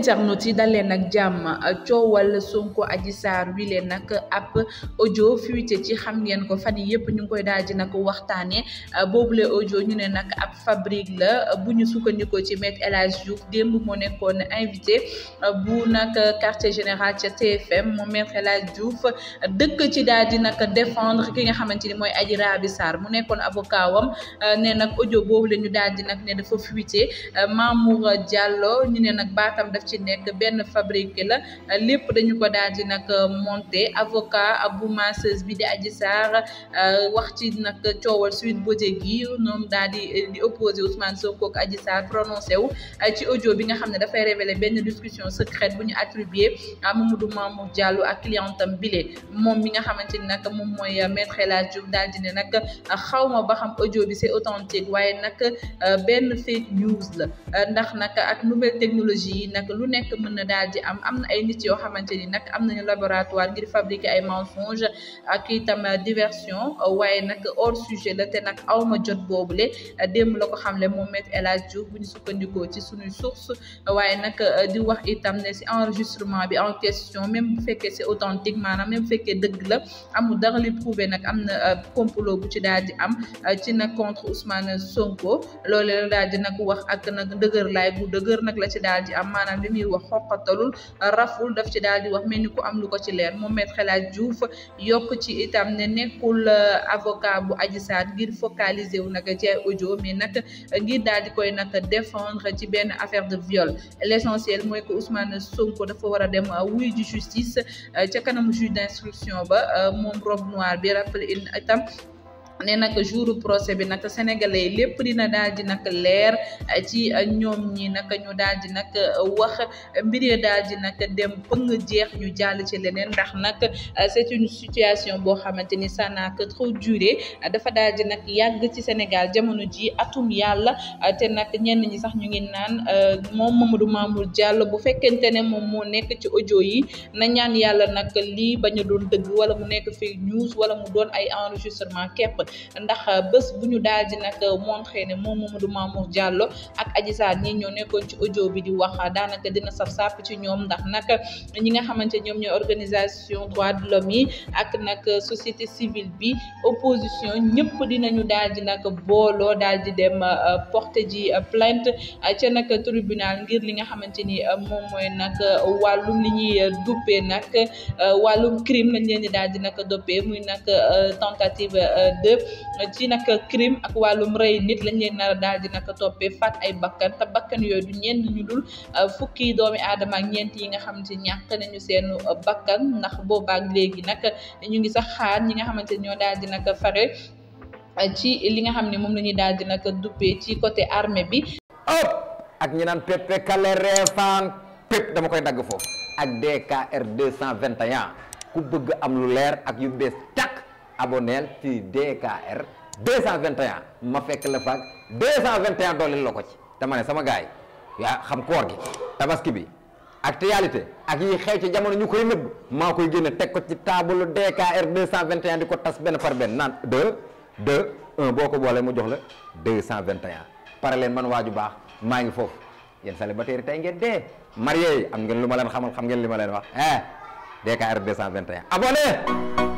internet yi dal leen ak jàmm coowal Sonko Adji Sarr wi leen nag ab audio fuité ci xam ngeen ko fan yi yëpp ñu ngi koy daal di nag waxtaanee boobule audio ñu ne nag ab fabrique la bu ñu sukkandikoo ci maître El Hadji Diouf démb moo nekkoon invité bu nag quartier général ca TFM moom maître El Hadji Diouf dëkk ci daal di nag défendre ki nga xamante ni mooy Adji rabi Sarr mu nekkoon avocat wam ne nag audio boobu la ñu daal di nag ne dafa fuité Mamour Diallo ñu ne nag baatam daf ci nekk benn fabrique la lépp dañu ko daal di nag euh, monté avocat bu masseuse bi di Adji Sarr euh, wax ci nag coowal Sweet Beauté gi ñoom daal di euh, di opposé Ousmane Sonko ak Adji Sarr prononcé wu ci audio bi nga xam ne dafay révélé benn discussion secrète bu ñu attribué Mamadou Mamour Diallo ak clientam bile moom mi nga xamante ni nag moom mooy maître El Hadji Diouf daal di ne nag xaw ma ba xam audio bi c'est authentique waaye nag benn fake news la ndax nag ak lu nekk mën na daal di am am na ay nit yoo xamante ni nag am na nañu laboratoire ngir fabriquer ay mensonge ak itam diversion waaye nag hors sujet la te nag awma jot le démb la ko xamle moom Maître El Hadji Diouf bu ñu sukkandikoo ci suñuy source waaye nag euh, di wax itam ne si enregistrement bi en question même bu fekkee c'est authentique maanaam même bu fekkee dëgg la amul dara li prouvé nag am na euh, complot bu ci daal di am euh, ci nag contre Ousmane Sonko loole la daal li muy wax xoqatalul raful def ci daal di wax mel ni ku am lu ko ci leer moom Maître El Hadji Diouf yokk ci itam ne nekkul euh, avocat bu Adji Sarr ngir focaliser wu nag ci ay audio mais nag ngir daal di koy nag défendre ci benn affaire de viol l'essentiel mooy ko Ousmane Sonko dafa war a dem euh, wuy ji justice euh, ca kanam juge d'instruction ba moom robe noir bi rappelé itam ne nag jouru procès bi nag sénégalais yi lépp na dal ji nag leer ci ñoom ñi nag ñu daal ji nag wax mbiree dal ji nag dem pëng jeex ñu jàll ci leneen ndax nag c'est situation boo xamante ni ça n'a que trop duré dafa daal di nag yàgg ci Sénégal jamono ji atum yàlla te nag ñenn ñi sax ñu ngi naan euh, moom Mamadou Mamour Diallo bu fekkente ne moom moo nekk ci ojo yi na ñaan yàlla nag lii bañ doon dëgg wala mu nekk fake news wala mu doon ay enregistrement ndax bés bu ñu daal di nag montré ne moom Mamadou Mamour Diallo ak Adji Sarr ñi ñoo nekkoon ci audio bi di wax daanaka dina saf sàpp ci ñoom ndax nag ñi nga xamante ñoom ñooy organisation droits de l'homme ak nag société civile bi opposition ñëpp dinañu daal di nag booloo daal di dem euh, porter ji plainte euh, ca nag tribunal ngir li nga xamante ni euh, moom mooy nag wàllum li ñuy duppee nag wàllum crime lañ leen di di nag doppee muy nag tentative ci nag crime ak wàllum rey nit lañ leen nar daal di nag toppe faat ay bakkan te bakkan yooyu du ñenn ñu dul euh, fukki doomi aadama ñeent yi nga xamante ni ñàkk nañu seen euh, bakkan ndax boobaak léegi nag ñu ngi sax xaar ñi nga xamante ni ñoo daal di nag fare euh, ci li nga xam ne moom la daal di nag duppee ci côté armée bi. ëpp ak ñi naan pepe kale reefaan pep dama koy dagg foofu ak DKR 221 ku bëgg am lu leer ak yu bees tàkk. aboneel ci DKR 221 ma fekk la faag 221 dooleel la ko ci te sama gars yi yaa xam koor gi tabaski bi ak actualité ak yi xew ci jamono ñu koy nëbb maa koy génne teg ko ci taabalu DKR 221 di ko tas benn par benn naan de de 1 boo ko boolee mu jox la de 221 pare leen man waaju baax maa ngi foofu yéen célibataire tey ngeen dee marié yi am ngeen lu ma leen xamal xam ngeen li ma leen wax de eh DKR 221 abonné